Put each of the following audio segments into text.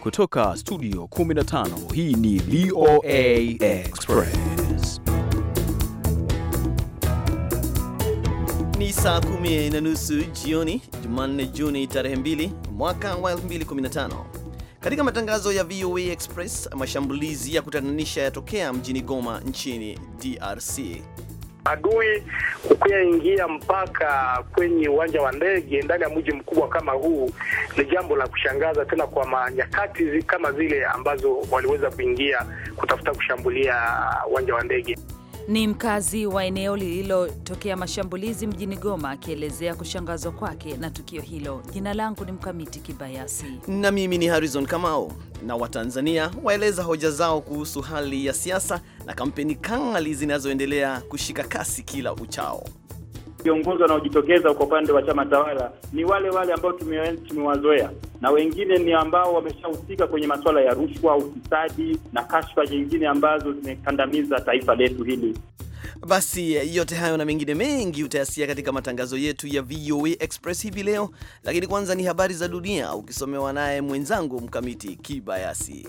Kutoka studio 15 hii ni VOA Express. Ni saa kumi na nusu jioni Jumanne, Juni tarehe 2 mwaka wa 2015. Katika matangazo ya VOA Express, mashambulizi ya kutatanisha yatokea mjini Goma nchini DRC. Adui kukuyaingia mpaka kwenye uwanja wa ndege ndani ya mji mkubwa kama huu ni jambo la kushangaza, tena kwa manyakati kama zile ambazo waliweza kuingia kutafuta kushambulia uwanja wa ndege ni mkazi wa eneo lililotokea mashambulizi mjini Goma akielezea kushangazwa kwake na tukio hilo. Jina langu ni Mkamiti Kibayasi na mimi ni Harrison Kamao. Na Watanzania waeleza hoja zao kuhusu hali ya siasa na kampeni kali zinazoendelea kushika kasi kila uchao viongozi wanaojitokeza kwa upande wa chama tawala ni wale wale ambao tumewazoea, na wengine ni ambao wameshahusika kwenye masuala ya rushwa, ufisadi na kashfa nyingine ambazo zimekandamiza taifa letu hili. Basi yote hayo na mengine mengi utayasikia katika matangazo yetu ya VOA Express hivi leo, lakini kwanza ni habari za dunia ukisomewa naye mwenzangu Mkamiti Kibayasi.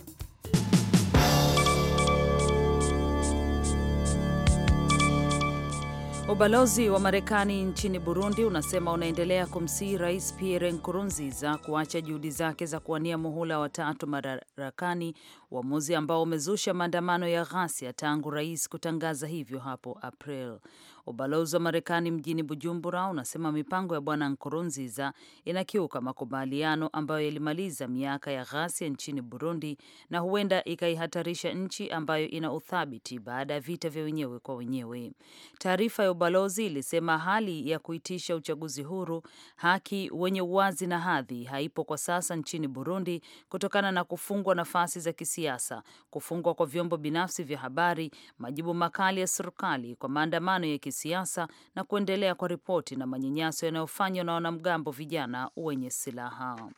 Ubalozi wa Marekani nchini Burundi unasema unaendelea kumsihi Rais Pierre Nkurunziza kuacha juhudi zake za kuwania muhula watatu madarakani, uamuzi ambao umezusha maandamano ya ghasia tangu rais kutangaza hivyo hapo April. Ubalozi wa Marekani mjini Bujumbura unasema mipango ya Bwana Nkurunziza inakiuka makubaliano ambayo yalimaliza miaka ya ghasia nchini Burundi na huenda ikaihatarisha nchi ambayo ina uthabiti baada ya vita vya wenyewe kwa wenyewe. Taarifa ya ubalozi ilisema hali ya kuitisha uchaguzi huru, haki, wenye uwazi na hadhi haipo kwa sasa nchini Burundi kutokana na kufungwa nafasi za kisiasa, kufungwa kwa vyombo binafsi vya habari, majibu makali ya serikali kwa maandamano ya kisiasa na kuendelea kwa ripoti na manyanyaso yanayofanywa na wanamgambo vijana wenye silaha.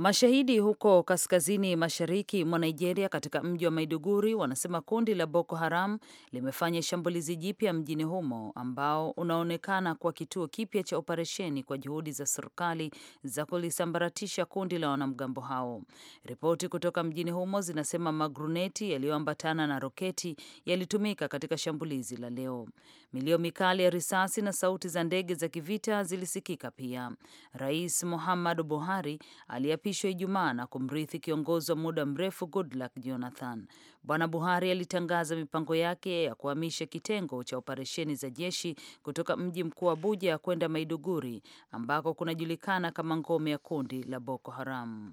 Mashahidi huko kaskazini mashariki mwa Nigeria, katika mji wa Maiduguri, wanasema kundi la Boko Haram limefanya shambulizi jipya mjini humo ambao unaonekana kuwa kituo kipya cha operesheni kwa juhudi za serikali za kulisambaratisha kundi la wanamgambo hao. Ripoti kutoka mjini humo zinasema magruneti yaliyoambatana na roketi yalitumika katika shambulizi la leo. Milio mikali ya risasi na sauti za ndege za kivita zilisikika pia. Rais Muhammadu Buhari aliyapi kuapishwa Ijumaa na kumrithi kiongozi wa muda mrefu Goodluck Jonathan. Bwana Buhari alitangaza mipango yake ya kuhamisha kitengo cha operesheni za jeshi kutoka mji mkuu wa Abuja kwenda Maiduguri ambako kunajulikana kama ngome ya kundi la Boko Haram.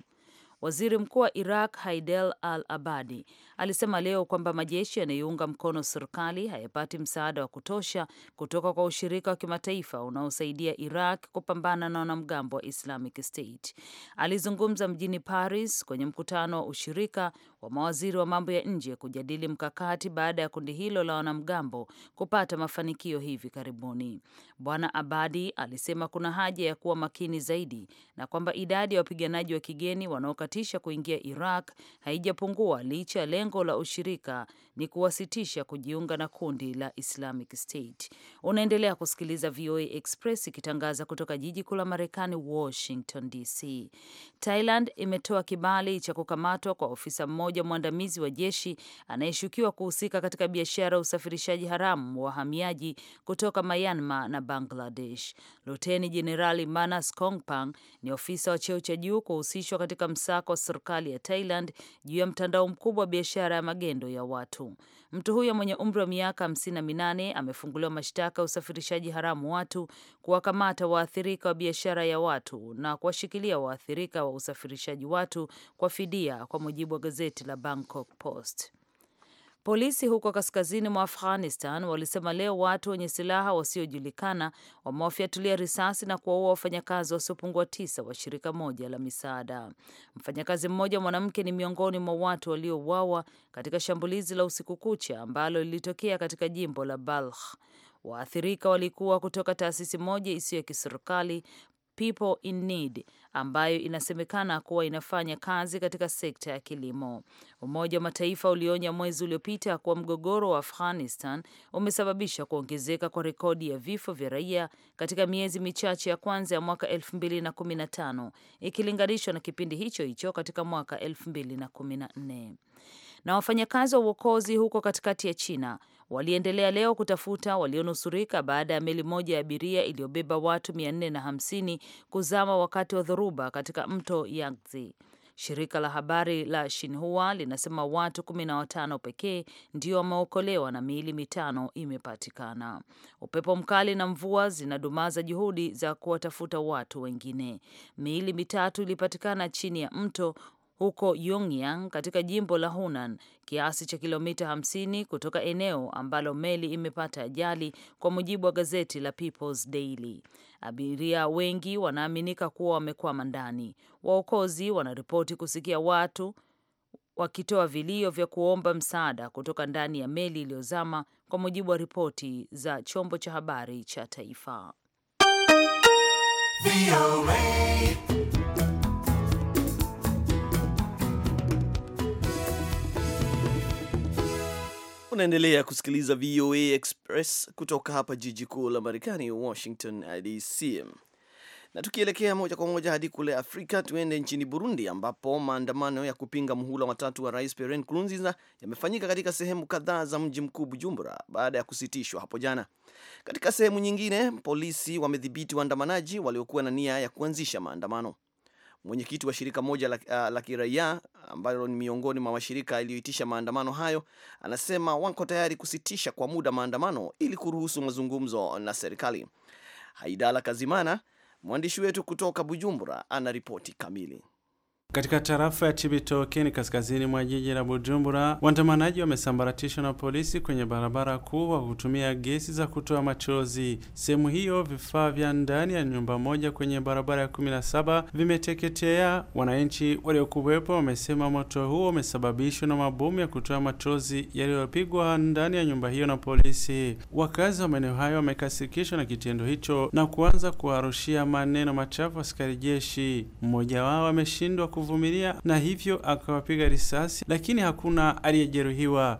Waziri mkuu wa Iraq Haidel al Abadi alisema leo kwamba majeshi yanayounga mkono serikali hayapati msaada wa kutosha kutoka kwa ushirika wa kimataifa unaosaidia Iraq kupambana na wanamgambo wa Islamic State. Alizungumza mjini Paris kwenye mkutano wa ushirika wa mawaziri wa mambo ya nje kujadili mkakati baada ya kundi hilo la wanamgambo kupata mafanikio hivi karibuni. Bwana Abadi alisema kuna haja ya kuwa makini zaidi na kwamba idadi ya wapiganaji wa kigeni wanao kukatisha kuingia Iraq haijapungua licha ya lengo la ushirika ni kuwasitisha kujiunga na kundi la Islamic State. Unaendelea kusikiliza VOA Express ikitangaza kutoka jiji kuu la Marekani, Washington DC. Thailand imetoa kibali cha kukamatwa kwa ofisa mmoja mwandamizi wa jeshi anayeshukiwa kuhusika katika biashara ya usafirishaji haramu wa wahamiaji kutoka Myanmar na Bangladesh. Luteni Jenerali Manas Kongpang ni ofisa wa cheo cha juu kuhusishwa katika msa msako wa serikali ya Thailand juu ya mtandao mkubwa wa biashara ya magendo ya watu. Mtu huyo mwenye umri wa miaka hamsini na minane amefunguliwa mashtaka ya usafirishaji haramu watu, kuwakamata waathirika wa biashara ya watu na kuwashikilia waathirika wa usafirishaji watu kwa fidia, kwa mujibu wa gazeti la Bangkok Post. Polisi huko kaskazini mwa Afghanistan walisema leo watu wenye silaha wasiojulikana wamewafyatulia risasi na kuwaua wafanyakazi wasiopungua tisa wa shirika moja la misaada. Mfanyakazi mmoja mwanamke ni miongoni mwa watu waliouawa katika shambulizi la usiku kucha ambalo lilitokea katika jimbo la Balkh. Waathirika walikuwa kutoka taasisi moja isiyo ya kiserikali People in Need ambayo inasemekana kuwa inafanya kazi katika sekta ya kilimo. Umoja wa Mataifa ulionya mwezi uliopita kuwa mgogoro wa Afghanistan umesababisha kuongezeka kwa rekodi ya vifo vya raia katika miezi michache ya kwanza ya mwaka 2015 ikilinganishwa na kipindi hicho hicho katika mwaka 2014. Na wafanyakazi wa uokozi huko katikati ya China waliendelea leo kutafuta walionusurika baada ya meli moja ya abiria iliyobeba watu 450 kuzama wakati wa dhoruba katika mto Yangtze. Shirika la habari la Shinhua linasema watu kumi na watano pekee ndio wameokolewa na miili mitano imepatikana. Upepo mkali na mvua zinadumaza juhudi za kuwatafuta watu wengine. Miili mitatu ilipatikana chini ya mto huko Yongyang katika jimbo la Hunan, kiasi cha kilomita 50 kutoka eneo ambalo meli imepata ajali, kwa mujibu wa gazeti la People's Daily. Abiria wengi wanaaminika kuwa wamekwama ndani. Waokozi wanaripoti kusikia watu wakitoa vilio vya kuomba msaada kutoka ndani ya meli iliyozama, kwa mujibu wa ripoti za chombo cha habari cha taifa. Unaendelea kusikiliza VOA Express kutoka hapa jiji kuu la Marekani, Washington DC. Na tukielekea moja kwa moja hadi kule Afrika, tuende nchini Burundi ambapo maandamano ya kupinga muhula watatu wa Rais Pierre Nkurunziza yamefanyika katika sehemu kadhaa za mji mkuu Bujumbura baada ya kusitishwa hapo jana. Katika sehemu nyingine, polisi wamedhibiti waandamanaji waliokuwa na nia ya kuanzisha maandamano. Mwenyekiti wa shirika moja la, uh, la kiraia ambayo ni miongoni mwa mashirika yaliyoitisha maandamano hayo, anasema wako tayari kusitisha kwa muda maandamano ili kuruhusu mazungumzo na serikali. Haidala Kazimana, mwandishi wetu kutoka Bujumbura, ana ripoti kamili. Katika tarafa ya ni kaskazini mwa jiji la Bujumbura, waandamanaji wamesambaratishwa na polisi kwenye barabara kuu kwa kutumia gesi za kutoa machozi. Sehemu hiyo, vifaa vya ndani ya nyumba moja kwenye barabara ya 17 vimeteketea. Wananchi waliokuwepo wamesema moto huo umesababishwa na mabomu ya kutoa machozi yaliyopigwa ndani ya nyumba hiyo na polisi. Wakazi wa maeneo hayo wamekasikishwa na kitendo hicho na kuanza kuwarushia maneno machafu askari jeshi. Mmoja wao ameshindwa kumvumilia na hivyo akawapiga risasi, lakini hakuna aliyejeruhiwa.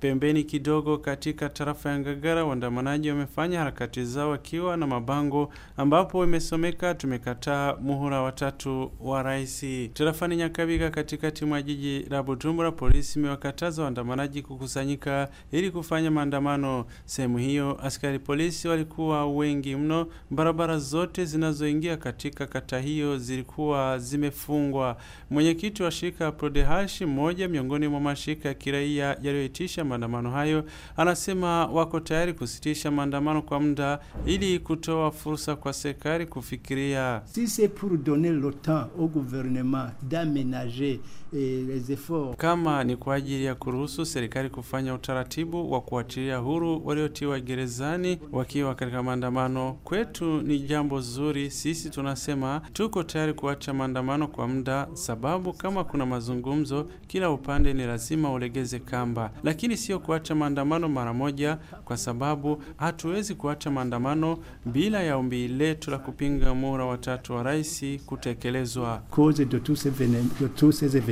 Pembeni kidogo katika tarafa ya Ngagara, waandamanaji wamefanya harakati zao wakiwa na mabango ambapo imesomeka tumekataa muhula watatu wa rais. Tarafani Nyakabiga, katikati mwa jiji la Bujumbura, polisi imewakataza waandamanaji kukusanyika ili kufanya maandamano. Sehemu hiyo askari polisi walikuwa wengi mno. Barabara zote zinazoingia katika kata hiyo zilikuwa zimefungwa. Mwenyekiti wa shirika Prodehash, mmoja miongoni mwa mashirika ya kiraia yaliyo kuitisha maandamano hayo, anasema wako tayari kusitisha maandamano kwa muda ili kutoa fursa kwa serikali kufikiria. Si c'est pour donner le temps au gouvernement d'aménager E, kama ni kwa ajili ya kuruhusu serikali kufanya utaratibu wa kuachilia huru waliotiwa gerezani wakiwa katika maandamano. Kwetu ni jambo zuri, sisi tunasema tuko tayari kuacha maandamano kwa muda, sababu kama kuna mazungumzo, kila upande ni lazima ulegeze kamba, lakini sio kuacha maandamano mara moja, kwa sababu hatuwezi kuacha maandamano bila ya ombi letu la kupinga muhula watatu wa rais kutekelezwa.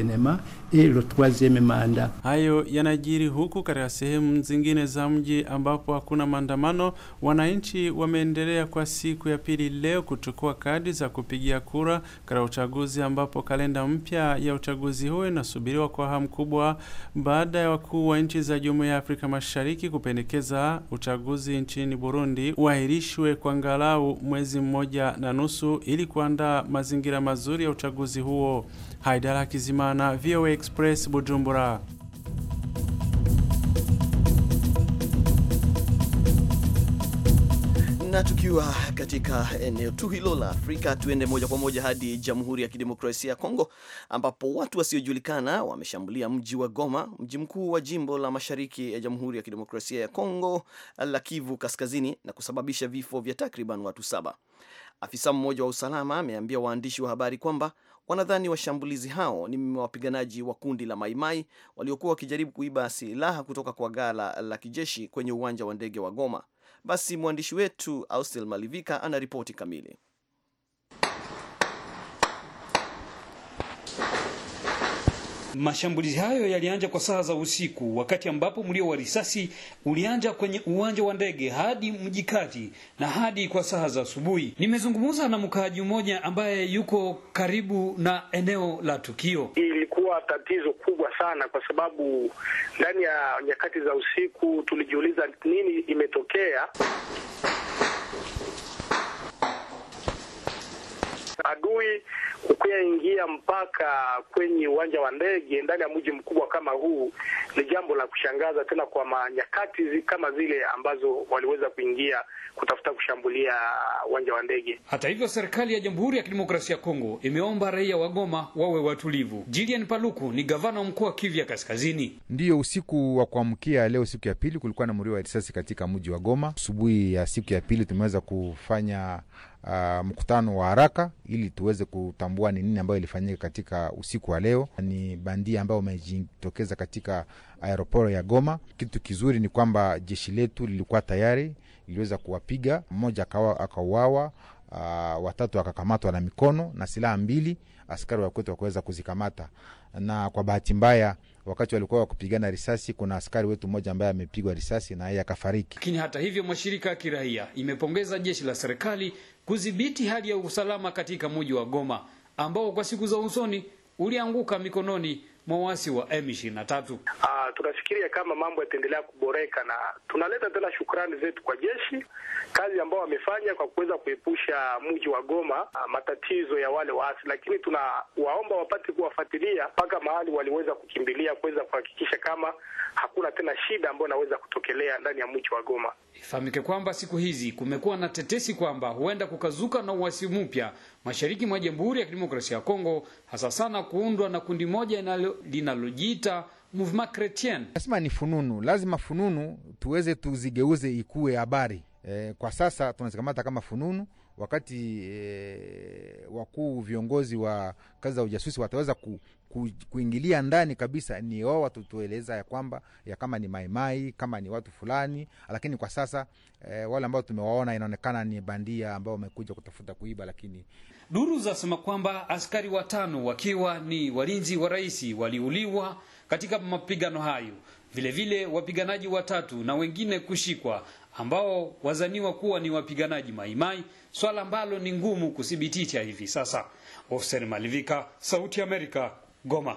cinema ilo tuwazeme maanda. Hayo yanajiri huku katika sehemu zingine za mji ambapo hakuna maandamano. Wananchi wameendelea kwa siku ya pili leo kuchukua kadi za kupigia kura katika uchaguzi, ambapo kalenda mpya ya uchaguzi huo inasubiriwa kwa hamu kubwa baada ya wakuu wa nchi za Jumuiya ya Afrika Mashariki kupendekeza uchaguzi nchini Burundi uahirishwe kwa ngalau mwezi mmoja na nusu ili kuandaa mazingira mazuri ya uchaguzi huo. Haidara Kizimana, VOA Express Bujumbura. Na tukiwa katika eneo tu hilo la Afrika, tuende moja kwa moja hadi Jamhuri ya Kidemokrasia ya Kongo, ambapo watu wasiojulikana wameshambulia mji wa Goma, mji mkuu wa jimbo la mashariki ya Jamhuri ya Kidemokrasia ya Kongo la Kivu Kaskazini, na kusababisha vifo vya takriban watu saba. Afisa mmoja wa usalama ameambia waandishi wa habari kwamba wanadhani washambulizi hao ni wapiganaji wa kundi la Maimai waliokuwa wakijaribu kuiba silaha kutoka kwa gala la kijeshi kwenye uwanja wa ndege wa Goma. Basi mwandishi wetu Austel Malivika ana ripoti kamili. Mashambulizi hayo yalianza kwa saa za usiku, wakati ambapo mlio wa risasi ulianza kwenye uwanja wa ndege hadi mji kati na hadi kwa saa za asubuhi. Nimezungumza na mkaaji mmoja ambaye yuko karibu na eneo la tukio. Ilikuwa tatizo kubwa sana, kwa sababu ndani ya nyakati za usiku tulijiuliza nini imetokea. Adui kukuyaingia mpaka kwenye uwanja wa ndege ndani ya mji mkubwa kama huu ni jambo la kushangaza, tena kwa manyakati kama zile ambazo waliweza kuingia kutafuta kushambulia uwanja wa ndege. Hata hivyo, serikali ya Jamhuri ya Kidemokrasia ya Kongo imeomba raia wa Goma wawe watulivu. Jilian Paluku ni gavana wa mkoa wa Kivu ya Kaskazini. Ndiyo, usiku wa kuamkia leo, siku ya pili, kulikuwa na mlio wa risasi katika mji wa Goma. Asubuhi ya siku ya pili tumeweza kufanya uh, mkutano wa haraka ili tuweze kutambua ni nini ambayo ilifanyika katika usiku wa leo. Ni bandia ambayo wamejitokeza katika aeroporo ya Goma. Kitu kizuri ni kwamba jeshi letu lilikuwa tayari, iliweza kuwapiga mmoja, akauawa Uh, watatu wakakamatwa na mikono na silaha mbili, askari wakwetu wakaweza kuzikamata, na kwa bahati mbaya wakati walikuwa wakupigana risasi, kuna askari wetu mmoja ambaye amepigwa risasi na yeye akafariki. Lakini hata hivyo, mashirika ya kiraia imepongeza jeshi la serikali kudhibiti hali ya usalama katika mji wa Goma ambao kwa siku za usoni ulianguka mikononi mwawasi wa M23. Ah, tunafikiria kama mambo yataendelea kuboreka na tunaleta tena shukrani zetu kwa jeshi, kazi ambao wamefanya kwa kuweza kuepusha mji wa Goma ah, matatizo ya wale waasi, lakini tunawaomba wapate kuwafuatilia mpaka mahali waliweza kukimbilia, kuweza kuhakikisha kama hakuna tena shida ambayo inaweza kutokelea ndani ya mji wa Goma. Ifahamike kwamba siku hizi kumekuwa na tetesi kwamba huenda kukazuka na uasi mpya mashariki mwa Jamhuri ya Kidemokrasia ya Kongo, hasa sana kuundwa na kundi moja linalojiita Mouvement Chretien. Lazima ni fununu, lazima fununu tuweze tuzigeuze ikuwe habari. E, kwa sasa tunazikamata kama fununu wakati e, wakuu viongozi wa kazi za ujasusi wataweza ku, ku, kuingilia ndani kabisa, ni wao watutueleza ya kwamba ya kama ni maimai kama ni watu fulani, lakini kwa sasa e, wale ambao tumewaona inaonekana ni bandia ambao wamekuja kutafuta kuiba, lakini Duru zasema kwamba askari watano wakiwa ni walinzi wa rais waliuliwa katika mapigano hayo, vilevile wapiganaji watatu na wengine kushikwa ambao wazaniwa kuwa ni wapiganaji Maimai, swala ambalo ni ngumu kuthibitisha hivi sasa. Ofsen Malivika, Sauti ya Amerika, Goma.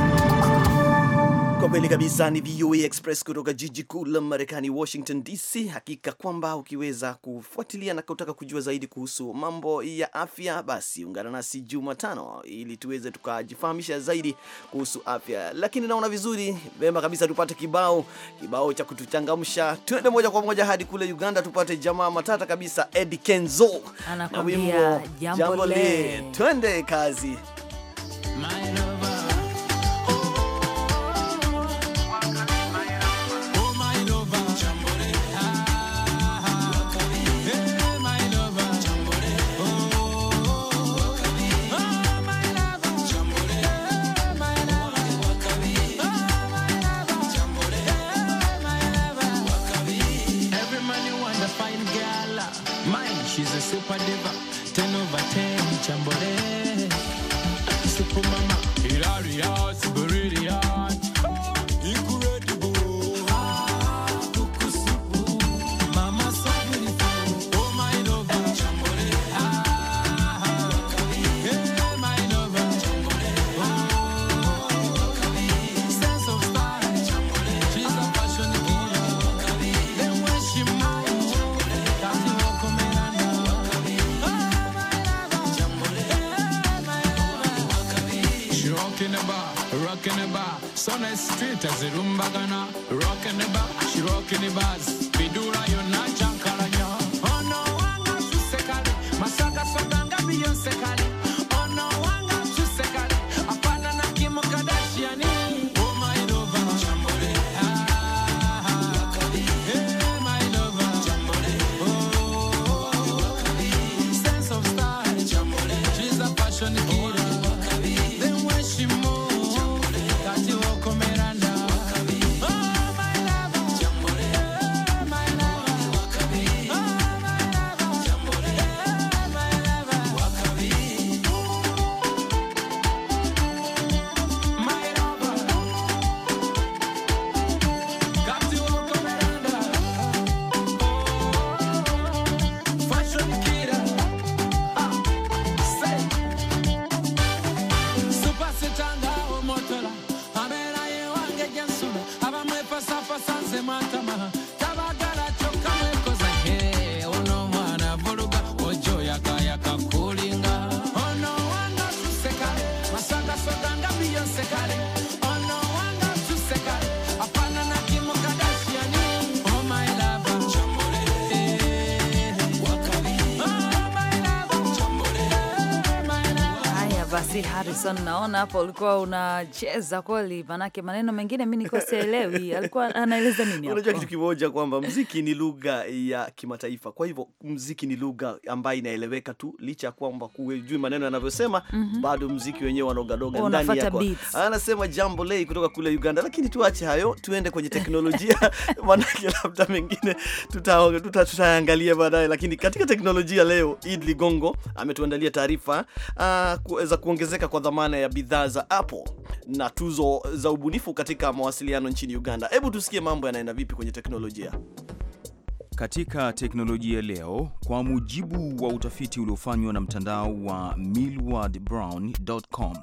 Kwa kweli kabisa ni VOA Express kutoka jiji kuu la Marekani, Washington DC. Hakika kwamba ukiweza kufuatilia na kutaka kujua zaidi kuhusu mambo ya afya, basi ungana nasi Jumatano ili tuweze tukajifahamisha zaidi kuhusu afya. Lakini naona vizuri vema kabisa tupate kibao kibao cha kutuchangamsha. Tuende moja kwa moja hadi kule Uganda, tupate jamaa matata kabisa, Eddie Kenzo na wimbo jambo le. Twende kazi My super diva, ten over ten, chambore. Super mama, hilarious. Ah, Texas room bagana, rockin' the bar, she rockin' the bars. kweli Harrison, naona hapo ulikuwa unacheza kweli, manake maneno mengine mi niko sielewi alikuwa anaeleza nini. Unajua kitu kimoja kwamba mziki ni lugha ya kimataifa, kwa hivyo mziki ni lugha ambayo inaeleweka tu, licha ya kwamba hujui maneno yanavyosema mm -hmm. Bado mziki wenyewe wanogadoga ndani yako. Anasema jambo lei kutoka kule Uganda, lakini tuache hayo, tuende kwenye teknolojia manake labda mengine tutaangalia baadaye, lakini katika teknolojia leo Idli Gongo ametuandalia taarifa uh, ah, za kuongeza kuongezeka kwa dhamana ya bidhaa za Apple na tuzo za ubunifu katika mawasiliano nchini Uganda. Hebu tusikie mambo yanaenda vipi kwenye teknolojia. Katika teknolojia leo, kwa mujibu wa utafiti uliofanywa na mtandao wa millwardbrown.com,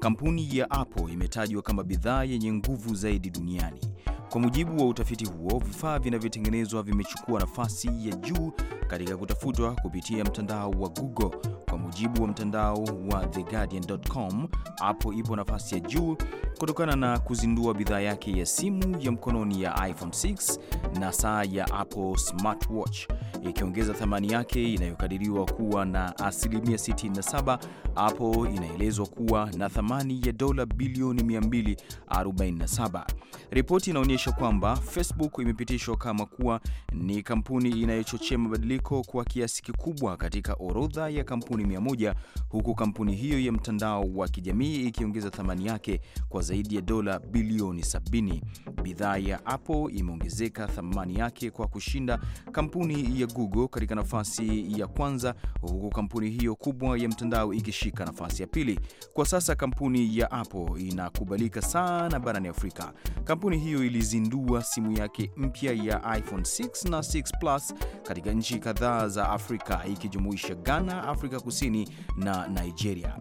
kampuni ya Apple imetajwa kama bidhaa yenye nguvu zaidi duniani. Kwa mujibu wa utafiti huo, vifaa vinavyotengenezwa vimechukua nafasi ya juu katika kutafutwa kupitia mtandao wa Google kwa mujibu wa mtandao wa theguardian.com, Apple ipo nafasi ya juu kutokana na kuzindua bidhaa yake ya simu ya mkononi ya iPhone 6 na saa ya Apple Smartwatch, ikiongeza thamani yake inayokadiriwa kuwa na asilimia 67. Apple inaelezwa kuwa na thamani ya dola bilioni 247. Ripoti inaonyesha kwamba Facebook imepitishwa kama kuwa ni kampuni inayochochea mabadiliko kwa kiasi kikubwa katika orodha ya kampuni kampuni 100 huku kampuni hiyo ya mtandao wa kijamii ikiongeza thamani yake kwa zaidi ya dola bilioni 70. Bidhaa ya Apple imeongezeka thamani yake kwa kushinda kampuni ya Google katika nafasi ya kwanza, huku kampuni hiyo kubwa ya mtandao ikishika nafasi ya pili. Kwa sasa kampuni ya Apple inakubalika sana barani Afrika. Kampuni hiyo ilizindua simu yake mpya ya iPhone 6 na 6 Plus katika nchi kadhaa za Afrika ikijumuisha Ghana, Afrika Kusini na Nigeria.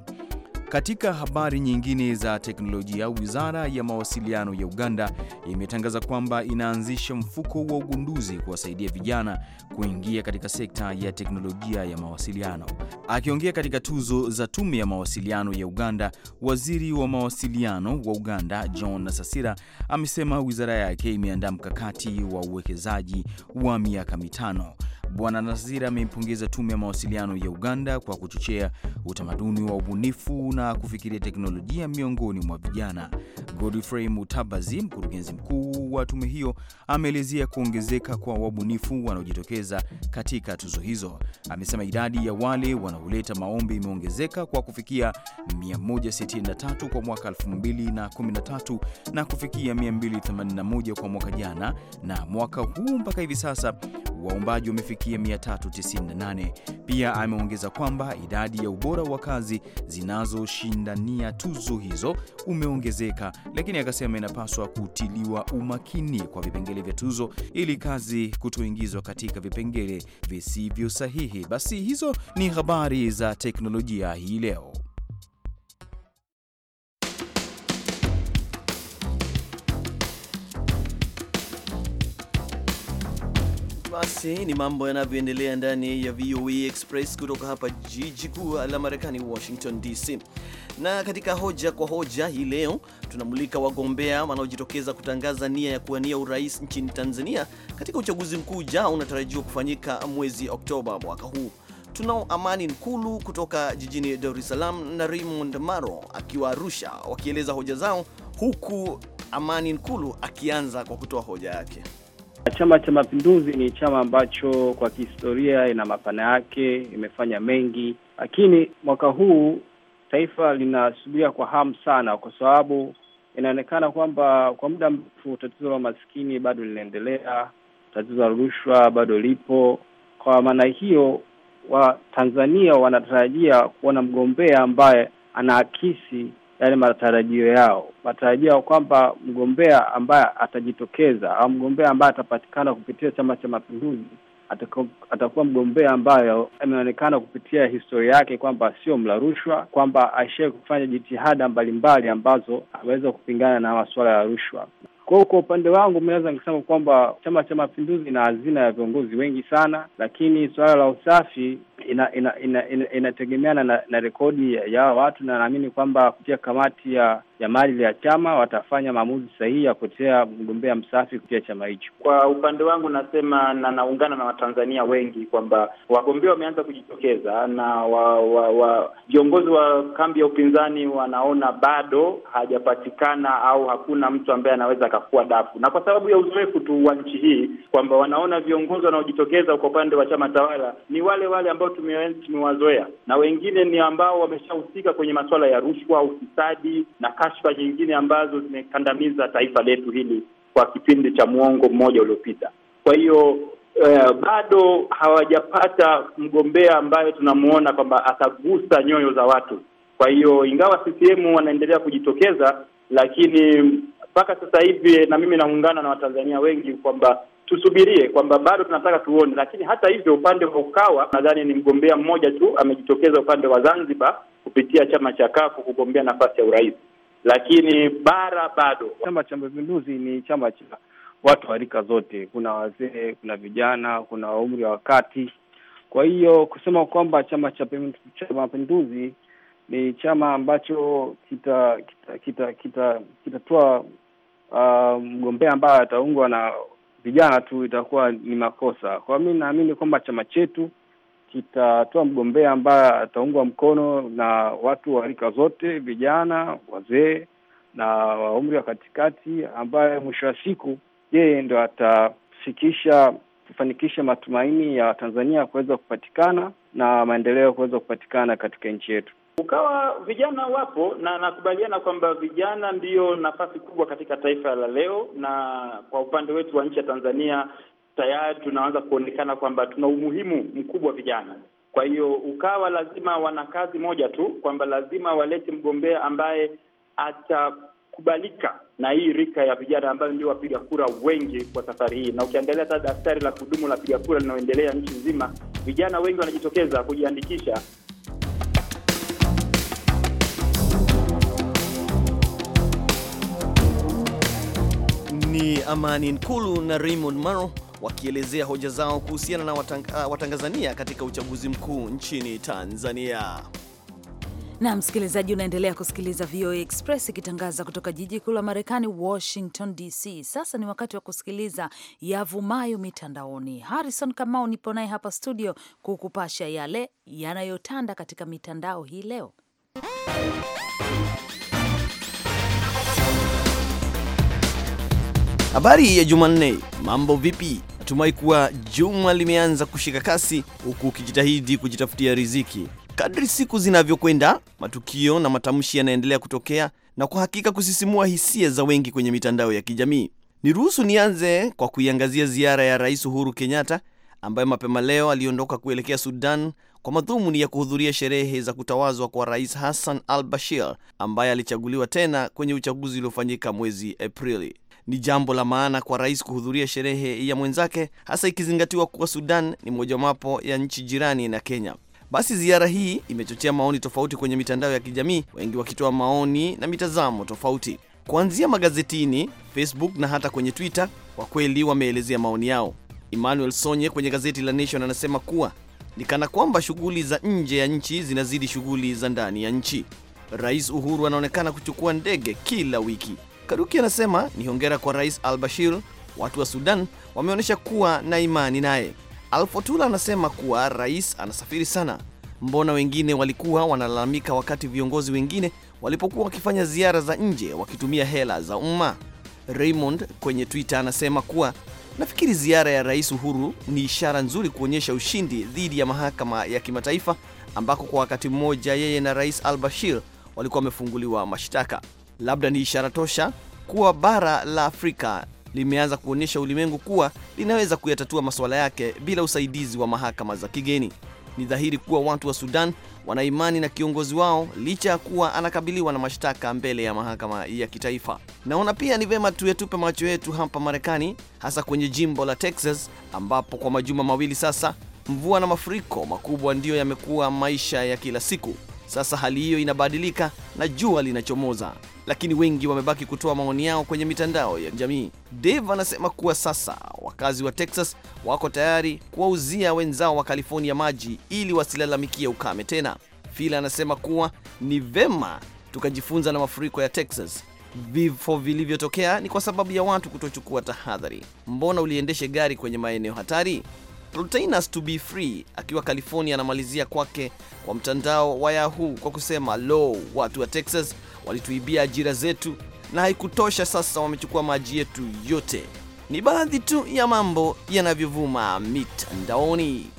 Katika habari nyingine za teknolojia, wizara ya mawasiliano ya Uganda imetangaza kwamba inaanzisha mfuko wa ugunduzi kuwasaidia vijana kuingia katika sekta ya teknolojia ya mawasiliano. Akiongea katika tuzo za tume ya mawasiliano ya Uganda, waziri wa mawasiliano wa Uganda John Nasasira amesema wizara yake imeandaa mkakati wa uwekezaji wa miaka mitano Bwana Nazira amempongeza tume ya mawasiliano ya Uganda kwa kuchochea utamaduni wa ubunifu na kufikiria teknolojia miongoni mwa vijana. Godfrey Mutabazi, mkurugenzi mkuu wa tume hiyo, ameelezea kuongezeka kwa wabunifu wanaojitokeza katika tuzo hizo. Amesema idadi ya wale wanaoleta maombi imeongezeka kwa kufikia 163 kwa mwaka 2013 na kufikia 281 kwa mwaka jana na mwaka huu mpaka hivi sasa waombaji wamefikia 398. Pia ameongeza kwamba idadi ya ubora wa kazi zinazoshindania tuzo hizo umeongezeka, lakini akasema inapaswa kutiliwa umakini kwa vipengele vya tuzo ili kazi kutoingizwa katika vipengele visivyo sahihi. Basi hizo ni habari za teknolojia hii leo. Basi ni mambo yanavyoendelea ndani ya VOA Express kutoka hapa jiji kuu la Marekani, Washington DC. Na katika hoja kwa hoja hii leo tunamulika wagombea wanaojitokeza kutangaza nia ya kuwania urais nchini Tanzania katika uchaguzi mkuu ujao unatarajiwa kufanyika mwezi Oktoba mwaka huu. Tunao Amani Nkulu kutoka jijini Dar es Salaam na Raymond Maro akiwa Arusha wakieleza hoja zao, huku Amani Nkulu akianza kwa kutoa hoja yake. Chama cha Mapinduzi ni chama ambacho kwa kihistoria ina mapana yake, imefanya mengi, lakini mwaka huu taifa linasubiria kwa hamu sana, kwa sababu inaonekana kwamba kwa muda mrefu tatizo la umaskini bado linaendelea, tatizo la rushwa bado lipo. Kwa maana hiyo, Watanzania wanatarajia kuona mgombea ambaye anaakisi yale matarajio yao, matarajio yao kwamba mgombea ambaye atajitokeza au mgombea ambaye atapatikana kupitia Chama cha Mapinduzi atakuwa mgombea ambayo ameonekana kupitia historia yake kwamba sio mla rushwa, kwamba aishie kufanya jitihada mbalimbali ambazo ameweza kupingana na masuala ya rushwa. Kwa kwa upande wangu naweza nikisema kwamba Chama cha Mapinduzi na hazina ya viongozi wengi sana, lakini suala la usafi ina, ina, ina, ina, inategemeana na, na rekodi ya watu na naamini kwamba kupitia kamati ya ya mali ya chama watafanya maamuzi sahihi ya kutetea mgombea msafi kupitia chama hicho. Kwa upande wangu, nasema na naungana na Watanzania wengi kwamba wagombea wameanza kujitokeza na viongozi wa, wa, wa kambi ya upinzani wanaona bado hajapatikana au hakuna mtu ambaye anaweza akafua dafu, na kwa sababu ya uzoefu tu wa nchi hii kwamba wanaona viongozi wanaojitokeza kwa upande wa chama tawala ni wale wale ambao tumewazoea na wengine ni ambao wameshahusika kwenye masuala ya rushwa, ufisadi na kashfa nyingine ambazo zimekandamiza taifa letu hili kwa kipindi cha muongo mmoja uliopita. Kwa hiyo eh, bado hawajapata mgombea ambaye tunamuona kwamba atagusa nyoyo za watu. Kwa hiyo ingawa CCM wanaendelea kujitokeza, lakini mpaka sasa hivi, na mimi naungana na Watanzania wengi kwamba tusubirie kwamba bado tunataka tuone. Lakini hata hivyo, upande wa Ukawa nadhani ni mgombea mmoja tu amejitokeza upande wa Zanzibar kupitia chama cha Kafu kugombea nafasi ya urais lakini bara bado. Chama cha Mapinduzi ni chama cha watu wa rika zote, kuna wazee, kuna vijana, kuna umri wa wakati. Kwa hiyo kusema kwamba chama cha Mapinduzi ni chama ambacho kitatoa kita, kita, kita, kita uh, mgombea ambaye ataungwa na vijana tu itakuwa ni makosa. Kwa mi naamini kwamba chama chetu kitatoa mgombea ambaye ataungwa mkono na watu wa rika zote, vijana, wazee na wa umri wa katikati, ambaye mwisho wa siku yeye ndo atafikisha kufanikisha matumaini ya Tanzania kuweza kupatikana na maendeleo kuweza kupatikana katika nchi yetu. Ukawa vijana wapo na nakubaliana kwamba vijana ndiyo nafasi kubwa katika taifa la leo, na kwa upande wetu wa nchi ya Tanzania tayari tunaanza kuonekana kwamba tuna umuhimu mkubwa vijana. Kwa hiyo Ukawa lazima wana kazi moja tu kwamba lazima walete mgombea ambaye atakubalika na hii rika ya vijana ambayo ndio wapiga kura wengi kwa safari hii, na ukiangalia hata daftari la kudumu la piga kura linaoendelea nchi nzima, vijana wengi wanajitokeza kujiandikisha. Ni Amani Nkulu na Raymond Maro wakielezea hoja zao kuhusiana na ah, Watangazania katika uchaguzi mkuu nchini Tanzania. Na msikilizaji, unaendelea kusikiliza VOA Express ikitangaza kutoka jiji kuu la Marekani, Washington DC. Sasa ni wakati wa kusikiliza yavumayo mitandaoni. Harrison Kamau nipo naye hapa studio kukupasha yale yanayotanda katika mitandao hii leo. Habari ya Jumanne, mambo vipi? Natumai kuwa juma limeanza kushika kasi, huku ukijitahidi kujitafutia riziki. Kadri siku zinavyokwenda, matukio na matamshi yanaendelea kutokea na kwa hakika kusisimua hisia za wengi kwenye mitandao ya kijamii. Niruhusu nianze kwa kuiangazia ziara ya Rais Uhuru Kenyatta ambaye mapema leo aliondoka kuelekea Sudan kwa madhumuni ya kuhudhuria sherehe za kutawazwa kwa Rais Hassan al Bashir ambaye alichaguliwa tena kwenye uchaguzi uliofanyika mwezi Aprili. Ni jambo la maana kwa rais kuhudhuria sherehe ya mwenzake, hasa ikizingatiwa kuwa Sudan ni mojawapo ya nchi jirani na Kenya. Basi ziara hii imechochea maoni tofauti kwenye mitandao ya kijamii, wengi wakitoa maoni na mitazamo tofauti, kuanzia magazetini, Facebook na hata kwenye Twitter. Kwa kweli wameelezea maoni yao. Emmanuel Sonye kwenye gazeti la Nation anasema kuwa ni kana kwamba shughuli za nje ya nchi zinazidi shughuli za ndani ya nchi. Rais Uhuru anaonekana kuchukua ndege kila wiki. Karuki anasema ni hongera kwa Rais al-Bashir, watu wa Sudan wameonyesha kuwa na imani naye. Alfotula anasema kuwa rais anasafiri sana, mbona wengine walikuwa wanalalamika wakati viongozi wengine walipokuwa wakifanya ziara za nje wakitumia hela za umma. Raymond kwenye Twitter anasema kuwa nafikiri ziara ya Rais Uhuru ni ishara nzuri kuonyesha ushindi dhidi ya mahakama ya kimataifa ambako kwa wakati mmoja yeye na Rais al-Bashir walikuwa wamefunguliwa mashtaka. Labda ni ishara tosha kuwa bara la Afrika limeanza kuonyesha ulimwengu kuwa linaweza kuyatatua masuala yake bila usaidizi wa mahakama za kigeni. Ni dhahiri kuwa watu wa Sudan wana imani na kiongozi wao licha ya kuwa anakabiliwa na mashtaka mbele ya mahakama ya kitaifa. Naona pia ni vema tuyetupe macho yetu hapa Marekani, hasa kwenye jimbo la Texas ambapo kwa majuma mawili sasa mvua na mafuriko makubwa ndiyo yamekuwa maisha ya kila siku. Sasa hali hiyo inabadilika na jua linachomoza, lakini wengi wamebaki kutoa maoni yao kwenye mitandao ya jamii. Dave anasema kuwa sasa wakazi wa Texas wako tayari kuwauzia wenzao wa California maji ili wasilalamikie ukame tena. Phil anasema kuwa ni vema tukajifunza na mafuriko ya Texas. Vifo vilivyotokea ni kwa sababu ya watu kutochukua tahadhari. Mbona uliendeshe gari kwenye maeneo hatari? Proteinus to be free akiwa California anamalizia kwake kwa mtandao wa Yahoo kwa kusema lo, watu wa Texas walituibia ajira zetu na haikutosha, sasa wamechukua maji yetu yote. Ni baadhi tu ya mambo yanavyovuma mitandaoni.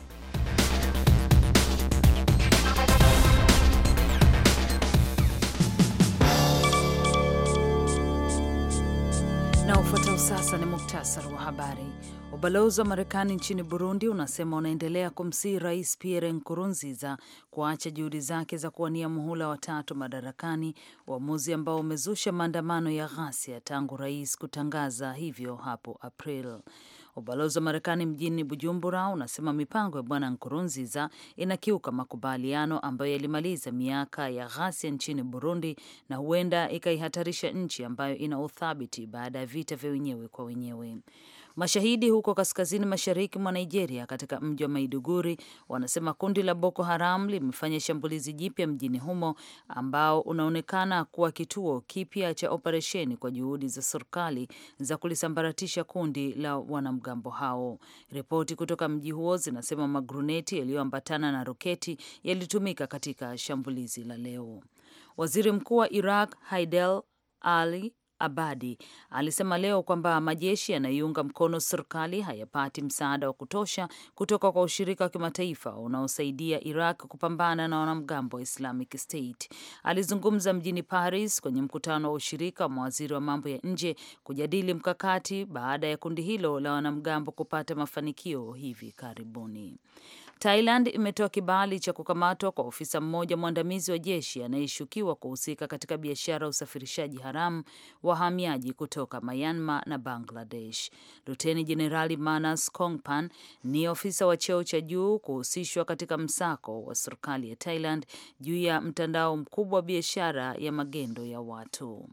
Sasa ni muktasari wa habari. Ubalozi wa Marekani nchini Burundi unasema unaendelea kumsihi Rais Pierre Nkurunziza kuacha juhudi zake za kuwania muhula watatu madarakani, uamuzi ambao umezusha maandamano ya ghasia tangu rais kutangaza hivyo hapo April. Ubalozi wa Marekani mjini Bujumbura unasema mipango ya Bwana Nkurunziza inakiuka makubaliano ambayo yalimaliza miaka ya ghasia nchini Burundi na huenda ikaihatarisha nchi ambayo ina uthabiti baada ya vita vya wenyewe kwa wenyewe. Mashahidi huko kaskazini mashariki mwa Nigeria, katika mji wa Maiduguri, wanasema kundi la Boko Haram limefanya shambulizi jipya mjini humo, ambao unaonekana kuwa kituo kipya cha operesheni kwa juhudi za serikali za kulisambaratisha kundi la wanamgambo hao. Ripoti kutoka mji huo zinasema magruneti yaliyoambatana na roketi yalitumika katika shambulizi la leo. Waziri Mkuu wa Iraq Haidel Ali Abadi alisema leo kwamba majeshi yanayoiunga mkono serikali hayapati msaada wa kutosha kutoka kwa ushirika wa kimataifa unaosaidia Iraq kupambana na wanamgambo wa Islamic State. Alizungumza mjini Paris kwenye mkutano wa ushirika wa mawaziri wa mambo ya nje kujadili mkakati baada ya kundi hilo la wanamgambo kupata mafanikio hivi karibuni. Thailand imetoa kibali cha kukamatwa kwa ofisa mmoja mwandamizi wa jeshi anayeshukiwa kuhusika katika biashara ya usafirishaji haramu wahamiaji kutoka Myanmar na Bangladesh. Luteni Jenerali Manas Kongpan ni ofisa wa cheo cha juu kuhusishwa katika msako wa serikali ya Thailand juu ya mtandao mkubwa wa biashara ya magendo ya watu.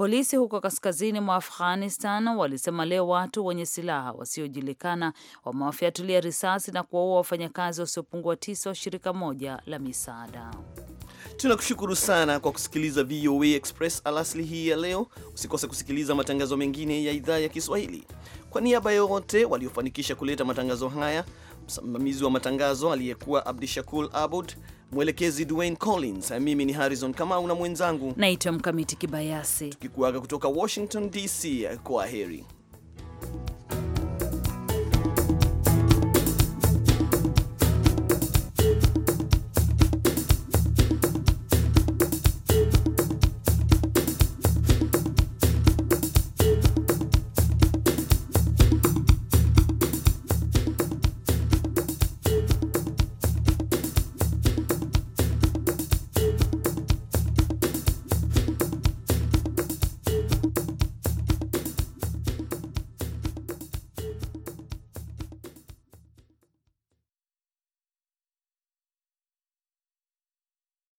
Polisi huko kaskazini mwa Afghanistan walisema leo watu wenye silaha wasiojulikana wamewafyatulia risasi na kuwaua wafanyakazi wasiopungua tisa wa shirika moja la misaada. Tunakushukuru sana kwa kusikiliza VOA Express alasli hii ya leo. Usikose kusikiliza matangazo mengine ya idhaa ya Kiswahili. Kwa niaba ya wote waliofanikisha kuleta matangazo haya, msimamizi wa matangazo aliyekuwa Abdishakur Abud, mwelekezi Dwayne Collins. Mimi ni Harrison Kamau na mwenzangu naitwa Mkamiti Kibayasi, tukikuaga kutoka Washington DC. Kwa heri.